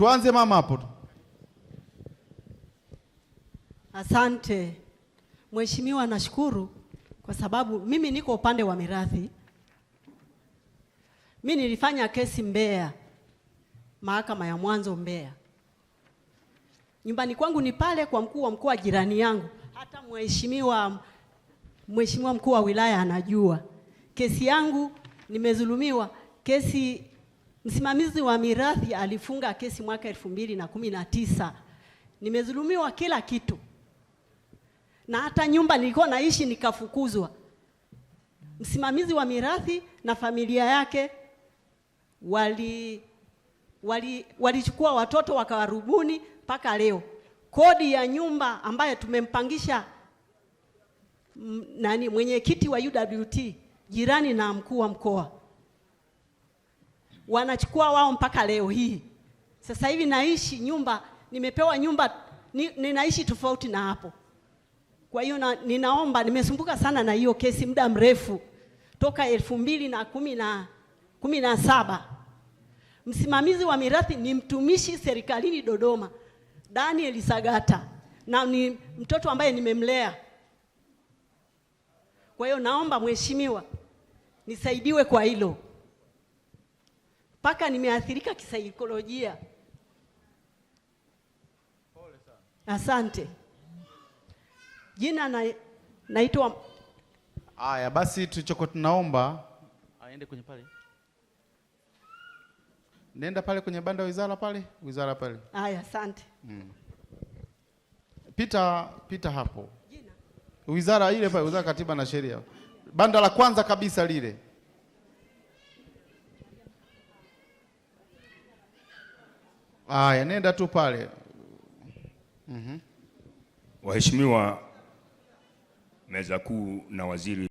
Tuanze mama hapo tu. Asante Mheshimiwa, nashukuru kwa sababu mimi niko upande wa mirathi. Mimi nilifanya kesi Mbeya, mahakama ya mwanzo Mbeya. Nyumbani kwangu ni pale kwa mkuu wa mkoa jirani yangu. Hata mheshimiwa mheshimiwa mkuu wa wilaya anajua kesi yangu nimezulumiwa kesi Msimamizi wa mirathi alifunga kesi mwaka elfu mbili na kumi na tisa. nimezulumiwa kila kitu, na hata nyumba nilikuwa naishi nikafukuzwa. Msimamizi wa mirathi na familia yake wali walichukua watoto wakawarubuni mpaka leo. Kodi ya nyumba ambayo tumempangisha nani mwenyekiti wa UWT jirani na mkuu wa mkoa wanachukua wao mpaka leo hii. Sasa hivi naishi nyumba, nimepewa nyumba ni, ninaishi tofauti na hapo. Kwa hiyo ninaomba, nimesumbuka sana na hiyo kesi muda mrefu toka elfu mbili na kumi na kumi na saba. Msimamizi wa mirathi ni mtumishi serikalini Dodoma, Daniel Sagata, na ni mtoto ambaye nimemlea. Kwa hiyo naomba mheshimiwa, nisaidiwe kwa hilo mpaka nimeathirika kisaikolojia. Asante. Jina na, naitwa Aya, basi tulichokuwa tunaomba aende kwenye pale, nenda pale kwenye banda wizara pale, wizara pale. Aya, asante mm. Pita, pita hapo jina. Wizara ile pale, wizara katiba na sheria, banda la kwanza kabisa lile. Aya, nenda tu pale. mm Waheshimiwa meza kuu na waziri